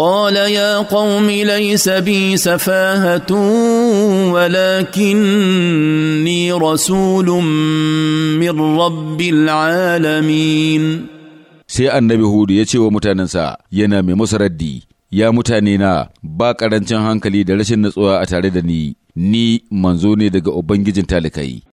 قال يا قوم ليس walakin ni rasulun رسول من رب العالمين sai annabi hudu ya ce wa mutanensa yana mai musu raddi ya mutane na ba ƙarancin hankali da rashin natsuwa a tare da ni ni manzo ne daga ubangijin talikai